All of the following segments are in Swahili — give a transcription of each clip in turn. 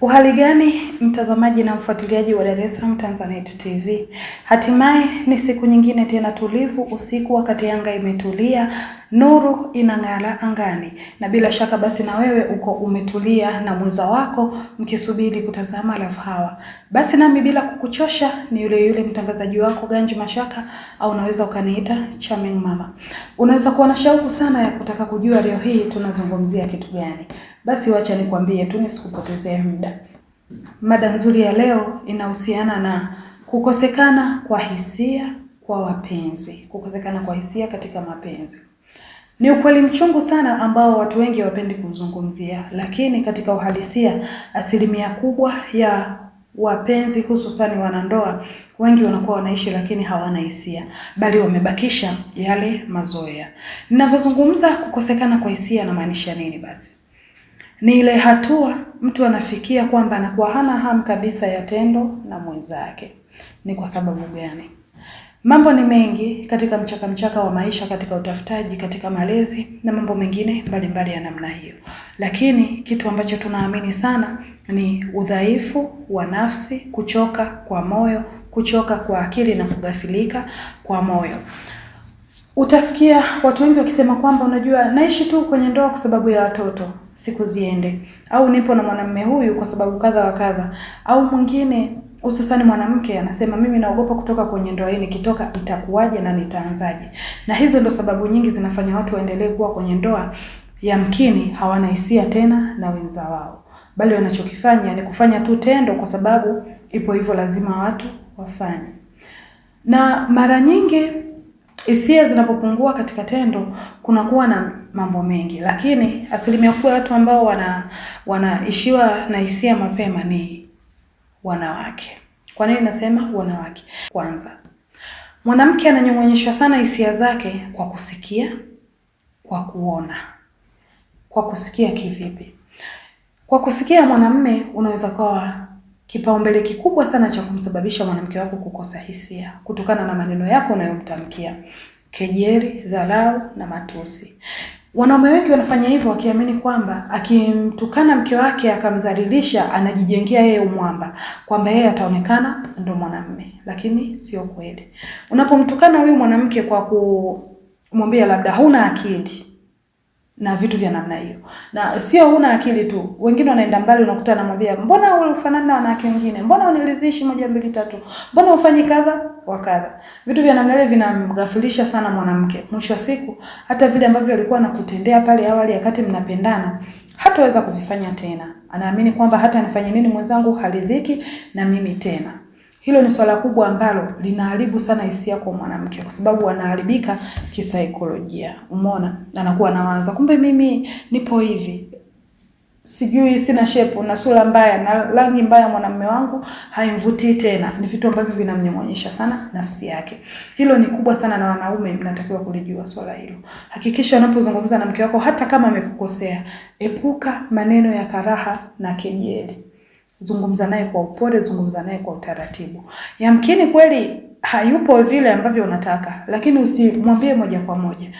Uhali gani mtazamaji na mfuatiliaji wa Dar es Salaam Tanzanite TV. Hatimaye ni siku nyingine tena tulivu usiku, wakati Yanga imetulia, nuru inangala angani, na bila shaka basi na wewe uko umetulia na mwenza wako mkisubiri kutazama Love Hour. Basi nami bila kukuchosha, ni yule yule mtangazaji wako Ganji Mashaka, au unaweza ukaniita Charming Mama. Unaweza kuwa na shauku sana ya kutaka kujua leo hii tunazungumzia kitu gani? Basi wacha nikwambie tu, nisikupotezee muda. Mada nzuri ya leo inahusiana na kukosekana kwa hisia kwa wapenzi, kukosekana kwa hisia katika mapenzi. Ni ukweli mchungu sana ambao watu wengi hawapendi kuzungumzia, lakini katika uhalisia, asilimia kubwa ya wapenzi hususani wanandoa wengi wanakuwa wanaishi lakini hawana hisia, bali wamebakisha yale mazoea. Ninavyozungumza kukosekana kwa hisia, namaanisha nini? Basi ni ile hatua mtu anafikia kwamba anakuwa hana hamu kabisa ya tendo na mwenzake. Ni kwa sababu gani? Mambo ni mengi katika mchaka mchaka wa maisha, katika utafutaji, katika malezi na mambo mengine mbalimbali ya namna hiyo, lakini kitu ambacho tunaamini sana ni udhaifu wa nafsi, kuchoka kwa moyo, kuchoka kwa akili na kughafilika kwa moyo. Utasikia watu wengi wakisema kwamba unajua, naishi tu kwenye ndoa kwa sababu ya watoto siku ziende, au nipo na mwanamume huyu kwa sababu kadha wa kadha, au mwingine hususani mwanamke anasema mimi naogopa kutoka kwenye ndoa hii, nikitoka itakuwaje na nitaanzaje? Na hizo ndo sababu nyingi zinafanya watu waendelee kuwa kwenye ndoa, yamkini hawana hisia tena na wenza wao, bali wanachokifanya ni kufanya tu tendo, kwa sababu ipo hivyo, lazima watu wafanye. Na mara nyingi hisia zinapopungua katika tendo, kunakuwa na mambo mengi, lakini asilimia kubwa ya watu ambao wana wanaishiwa na hisia mapema ni wanawake. Kwa nini nasema wanawake? Kwanza, mwanamke ananyong'onyeshwa sana hisia zake kwa kusikia, kwa kuona. Kwa kusikia kivipi? Kwa kusikia, mwanamme unaweza kuwa kipaumbele kikubwa sana cha kumsababisha mwanamke wako kukosa hisia kutokana na maneno yako unayomtamkia, kejeri, dharau na matusi. Wanaume wengi wanafanya hivyo wakiamini kwamba akimtukana mke wake akamdhalilisha, anajijengea yeye umwamba kwamba yeye ataonekana ndo mwanamme, lakini sio kweli. Unapomtukana huyu mwanamke kwa kumwambia labda huna akili na vitu vya namna hiyo, na sio huna akili tu. Wengine wanaenda mbali, unakuta anamwambia mbona ufanani na wanawake wengine, mbona unilizishi moja mbili tatu, mbona ufanyi kadha wa kadha. Vitu vya namna ile vinamghafilisha sana mwanamke. Mwisho wa siku, hata vile ambavyo alikuwa anakutendea pale awali, wakati mnapendana, hataweza kuvifanya tena. Anaamini kwamba hata nifanye nini mwenzangu haridhiki na mimi tena. Hilo ni swala kubwa ambalo linaharibu sana hisia kwa mwanamke, kwa sababu anaharibika kisaikolojia. Umeona, anakuwa anawaza kumbe mimi nipo hivi, sijui sina shepu na sura mbaya na rangi mbaya, mwanamume wangu haimvutii tena. Ni vitu ambavyo vinamnyamonyesha sana nafsi yake. Hilo ni kubwa sana, na wanaume mnatakiwa kulijua swala hilo. Hakikisha unapozungumza na mke wako, hata kama amekukosea, epuka maneno ya karaha na kejeli zungumza naye kwa upole, zungumza naye kwa utaratibu. Yamkini kweli hayupo vile ambavyo unataka, lakini usimwambie moja kwa moja,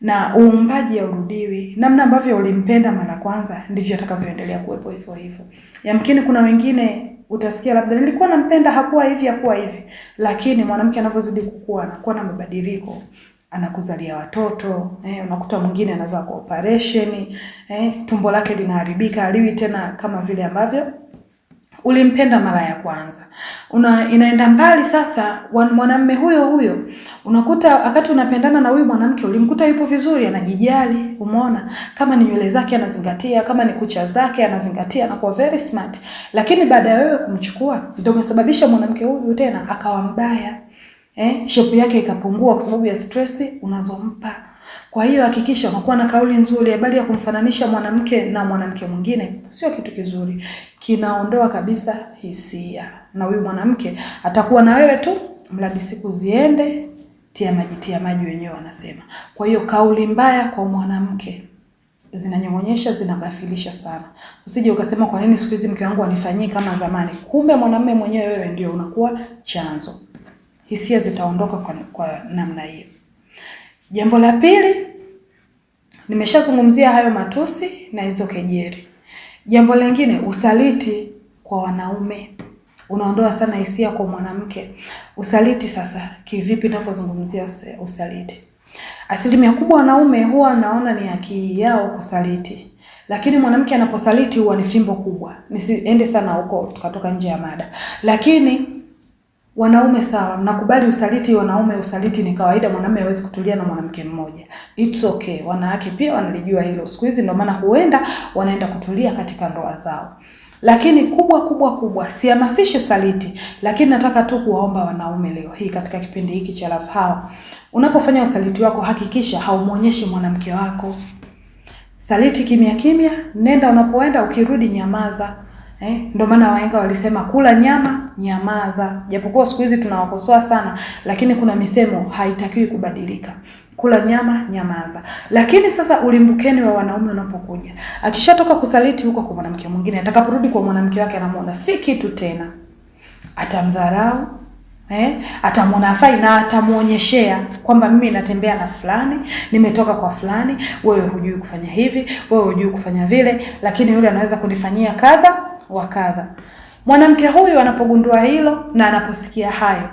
na uumbaji haurudiwi. Namna ambavyo ulimpenda mara kwanza ndivyo atakavyoendelea kuwepo hivyo hivyo. Yamkini kuna wengine utasikia labda nilikuwa nampenda, hakuwa hivi, hakuwa hivi, lakini mwanamke anavyozidi kukua anakuwa na mabadiliko anakuzalia watoto eh, unakuta mwingine anaza kwa operation eh, tumbo lake linaharibika, aliwi tena kama vile ambavyo ulimpenda mara ya kwanza una, inaenda mbali sasa. Mwanamume huyo huyo unakuta wakati unapendana na huyu mwanamke ulimkuta yupo vizuri, anajijali, umeona kama ni nywele zake anazingatia, kama ni kucha zake anazingatia, anakuwa very smart, lakini baada ya wewe kumchukua ndio umesababisha mwanamke huyu tena akawa mbaya eh, shepu yake ikapungua kwa sababu ya stress unazompa kwa hiyo hakikisha unakuwa na kauli nzuri. Habari ya kumfananisha mwanamke na mwanamke mwingine sio kitu kizuri, kinaondoa kabisa hisia, na huyu mwanamke atakuwa na wewe tu, mradi siku ziende, tia maji, tia maji, wenyewe wanasema. Kwa hiyo kauli mbaya kwa mwanamke zinanyong'onyesha, zinabafilisha sana. Usije ukasema kwa nini siku hizi mke wangu anifanyii kama zamani, kumbe mwanamume mwenyewe wewe ndio unakuwa chanzo. Hisia zitaondoka kwa, kwa namna hiyo. Jambo la pili, nimeshazungumzia hayo matusi na hizo kejeli. Jambo lingine, usaliti kwa wanaume unaondoa sana hisia kwa mwanamke. Usaliti sasa kivipi? ninavyozungumzia usaliti, asilimia kubwa wanaume huwa naona ni haki yao kusaliti, lakini mwanamke anaposaliti huwa ni fimbo kubwa. Nisiende sana huko, tukatoka nje ya mada, lakini Wanaume sawa, mnakubali usaliti wanaume. Usaliti ni kawaida, mwanamume hawezi kutulia na mwanamke mmoja. It's okay, wanawake pia wanalijua hilo siku hizi, ndio maana huenda wanaenda kutulia katika ndoa zao. Lakini kubwa kubwa kubwa, sihamasishi usaliti, lakini nataka tu kuwaomba wanaume leo hii katika kipindi hiki cha Love Hour, unapofanya usaliti wako hakikisha haumwonyeshi mwanamke wako. Saliti kimya kimya, nenda unapoenda, ukirudi nyamaza. Eh, ndio maana wahenga walisema kula nyama nyamaza. Japokuwa siku hizi tunawakosoa sana, lakini kuna misemo haitakiwi kubadilika. Kula nyama nyamaza. Lakini sasa ulimbukeni wa wanaume unapokuja, akishatoka kusaliti huko kwa mwanamke mwingine, atakaporudi kwa mwanamke wake, anamuona si kitu tena, atamdharau Eh, atamwona afai na atamuonyeshea kwamba mimi natembea na fulani, nimetoka kwa fulani, wewe hujui kufanya hivi, wewe hujui kufanya vile, lakini yule anaweza kunifanyia kadha wa kadha. Mwanamke huyu anapogundua hilo na anaposikia hayo,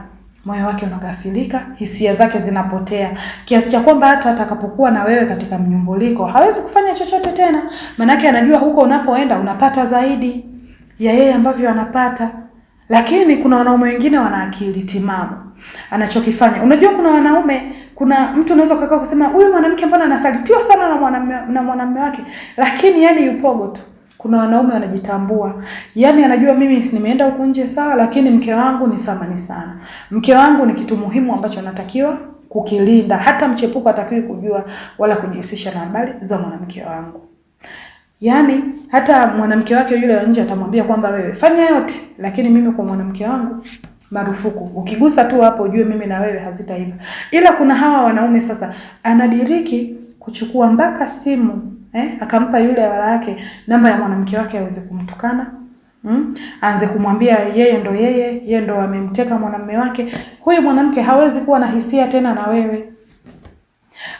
moyo wake unaghafilika, hisia zake zinapotea, kiasi cha kwamba hata atakapokuwa na wewe katika mnyumbuliko hawezi kufanya chochote tena, maanake anajua huko unapoenda unapata zaidi ya yeye ambavyo anapata. Lakini kuna wanaume wengine wana akili timamu anachokifanya unajua, kuna wanaume, kuna mtu unaweza kukaa kusema huyu mwanamke mbona anasalitiwa sana na mwanamume na mwanamume wake, lakini yani yupogo tu. Kuna wanaume wanajitambua, yaani anajua mimi nimeenda huku nje sawa, lakini mke wangu ni thamani sana. Mke wangu ni kitu muhimu ambacho natakiwa kukilinda. Hata mchepuko atakiwi kujua wala kujihusisha na habari za mwanamke wangu. Yaani hata mwanamke wake yule wa nje atamwambia kwamba wewe fanya yote, lakini mimi kwa mwanamke wangu marufuku. Ukigusa tu hapo ujue mimi na wewe hazitaiva. Ila kuna hawa wanaume sasa anadiriki kuchukua mpaka simu eh, akampa yule wala yake namba ya mwanamke wake aweze kumtukana mm? Aanze kumwambia yeye ndo yeye, yeye ndo amemteka mwanamume wake. Huyu mwanamke hawezi kuwa na hisia tena na wewe,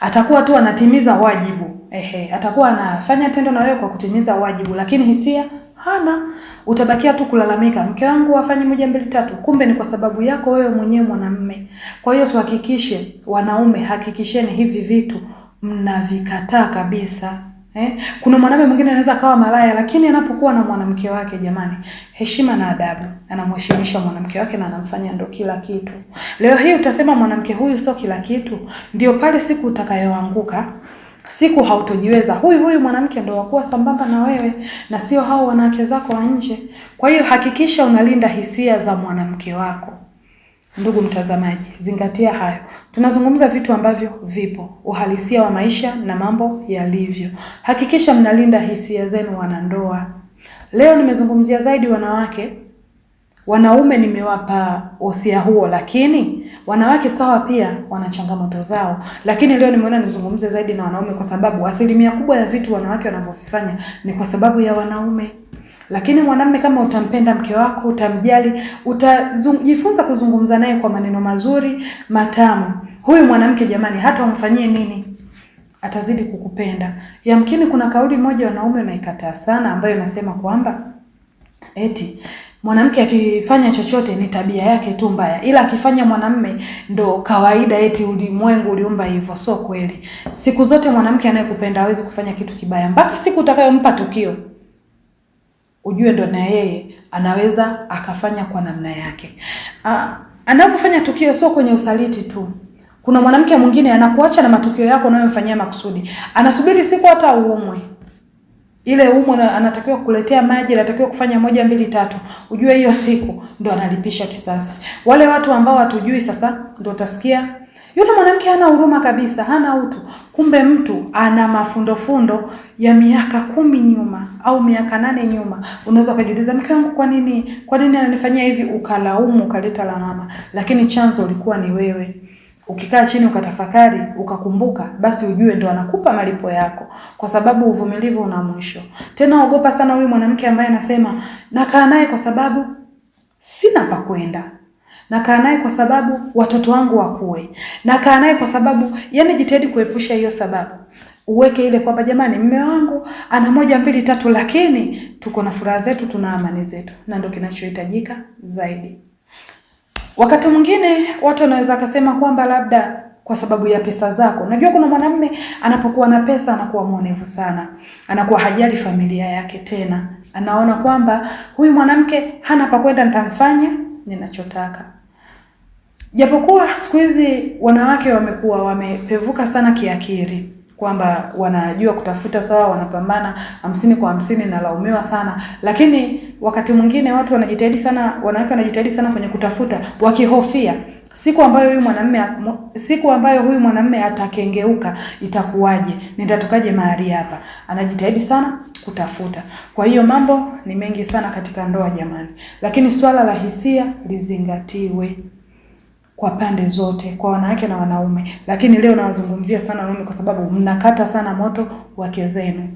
atakuwa tu anatimiza wajibu. Ehe, atakuwa anafanya tendo na wewe kwa kutimiza wajibu, lakini hisia hana. Utabakia tu kulalamika, mke wangu afanye moja mbili tatu, kumbe ni kwa sababu yako wewe mwenyewe mwanamume. Kwa hiyo tuhakikishe, wanaume, hakikisheni hivi vitu mnavikataa kabisa. Eh, kuna mwanaume mwingine anaweza akawa malaya lakini anapokuwa na mwanamke wake, jamani, heshima na adabu, anamheshimisha mwanamke wake na anamfanya ndo kila kitu. Leo hii utasema mwanamke huyu sio kila kitu, ndio pale siku utakayoanguka siku hautojiweza, huyu huyu mwanamke ndo wakuwa sambamba na wewe na sio hao wanawake zako wa nje. Kwa hiyo hakikisha unalinda hisia za mwanamke wako. Ndugu mtazamaji, zingatia hayo. Tunazungumza vitu ambavyo vipo, uhalisia wa maisha na mambo yalivyo. Hakikisha mnalinda hisia zenu, wanandoa. Leo nimezungumzia zaidi wanawake. Wanaume nimewapa osia huo, lakini wanawake sawa, pia wana changamoto zao, lakini leo nimeona nizungumze zaidi na wanaume, kwa sababu asilimia kubwa ya vitu wanawake wanavyovifanya ni kwa sababu ya wanaume. Lakini mwanamme, kama utampenda mke wako, utamjali, utajifunza kuzungumza naye kwa maneno mazuri matamu, huyu mwanamke jamani, hata umfanyie nini atazidi kukupenda. Yamkini kuna kauli moja wanaume wanaikataa sana, ambayo inasema kwamba eti mwanamke akifanya chochote ni tabia yake tu mbaya, ila akifanya mwanamme ndo kawaida, eti ulimwengu uliumba hivyo. Sio kweli. Siku zote mwanamke anayekupenda hawezi kufanya kitu kibaya, mpaka siku utakayompa tukio ujue ndo na yeye anaweza akafanya kwa namna yake. Ah, Anapofanya tukio sio kwenye usaliti tu, kuna mwanamke mwingine anakuacha na matukio yako unayomfanyia makusudi, anasubiri siku hata uumwe ile umwe anatakiwa kuletea maji, anatakiwa kufanya moja mbili tatu, ujue hiyo siku ndo analipisha kisasi. Wale watu ambao hatujui sasa, ndo utasikia yule mwanamke hana huruma kabisa, hana utu. Kumbe mtu ana mafundofundo ya miaka kumi nyuma au miaka nane nyuma. Unaweza ukajiuliza, mke wangu kwa nini, kwa nini ananifanyia hivi? Ukalaumu, ukaleta lawama, lakini chanzo ulikuwa ni wewe. Ukikaa chini ukatafakari, ukakumbuka, basi ujue ndo anakupa malipo yako, kwa sababu uvumilivu una mwisho. Tena ogopa sana huyu mwanamke ambaye anasema nakaa naye kwa sababu sina pa kwenda nakaa naye kwa sababu watoto wangu wakue, nakaa naye kwa sababu yani, jitahidi kuepusha hiyo sababu, uweke ile kwamba jamani, mme wangu ana moja mbili tatu, lakini tuko na furaha zetu, tuna amani zetu, na ndo kinachohitajika zaidi. Wakati mwingine watu wanaweza akasema kwamba labda kwa sababu ya pesa zako. Najua kuna mwanamme anapokuwa na pesa anakuwa mwonevu sana, anakuwa hajali familia yake tena, anaona kwamba huyu mwanamke hana pa kwenda, nitamfanya ninachotaka. Japokuwa siku hizi wanawake wamekuwa wamepevuka sana kiakili kwamba wanajua kutafuta sawa, wanapambana hamsini kwa hamsini, nalaumiwa sana lakini, wakati mwingine watu wanajitahidi sana, wanawake wanajitahidi sana kwenye kutafuta, wakihofia siku ambayo huyu mwanamume siku ambayo huyu mwanamume atakengeuka itakuwaje? Nitatokaje mahali hapa? Anajitahidi sana kutafuta. Kwa hiyo mambo ni mengi sana katika ndoa jamani, lakini swala la hisia lizingatiwe kwa pande zote, kwa wanawake na wanaume, lakini leo nawazungumzia sana wanaume kwa sababu mnakata sana moto wake zenu.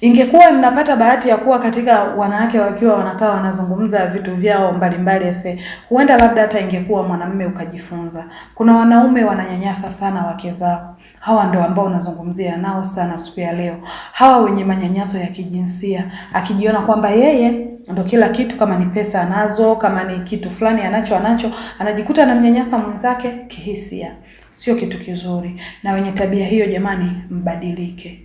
Ingekuwa mnapata bahati ya kuwa katika wanawake wakiwa wanakaa wanazungumza vitu vyao mbalimbali ese, huenda labda hata ingekuwa mwanamume ukajifunza. Kuna wanaume wananyanyasa sana wake zao. Hawa ndio ambao unazungumzia nao sana siku ya leo, hawa wenye manyanyaso ya kijinsia, akijiona kwamba yeye ndo kila kitu, kama ni pesa anazo, kama ni kitu fulani anacho anacho, anajikuta anamnyanyasa mwenzake kihisia. Sio kitu kizuri, na wenye tabia hiyo, jamani, mbadilike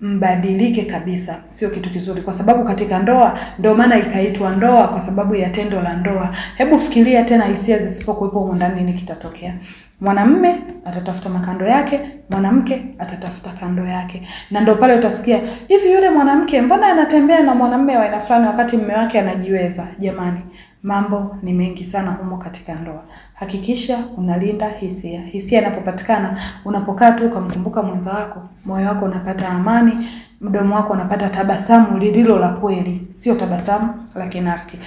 mbadilike kabisa, sio kitu kizuri, kwa sababu katika ndoa, ndio maana ikaitwa ndoa, kwa sababu ya tendo la ndoa. Hebu fikiria tena, hisia zisipokuwepo huko ndani, nini kitatokea? Mwanamme atatafuta makando yake, mwanamke atatafuta kando yake, na ndo pale utasikia hivi, yule mwanamke mbona anatembea na mwanamme wa aina fulani wakati mme wake anajiweza? Jamani, mambo ni mengi sana humo katika ndoa. Hakikisha unalinda hisia. Hisia inapopatikana, unapokaa tu ukamkumbuka mwenza wako, moyo wako unapata amani, mdomo wako unapata tabasamu lililo la kweli, sio tabasamu la kinafiki.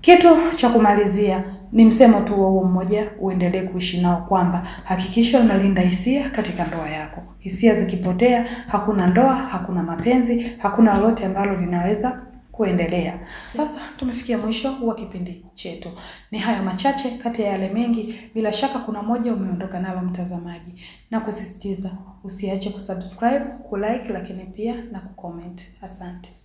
Kitu cha kumalizia ni msemo tu wa huo mmoja uendelee kuishi nao, kwamba hakikisha unalinda hisia katika ndoa yako. Hisia zikipotea, hakuna ndoa, hakuna mapenzi, hakuna lolote ambalo linaweza kuendelea. Sasa tumefikia mwisho wa kipindi chetu. Ni hayo machache kati ya yale mengi, bila shaka kuna moja umeondoka nalo mtazamaji, na kusisitiza usiache kusubscribe, kulike, lakini pia na kucomment. Asante.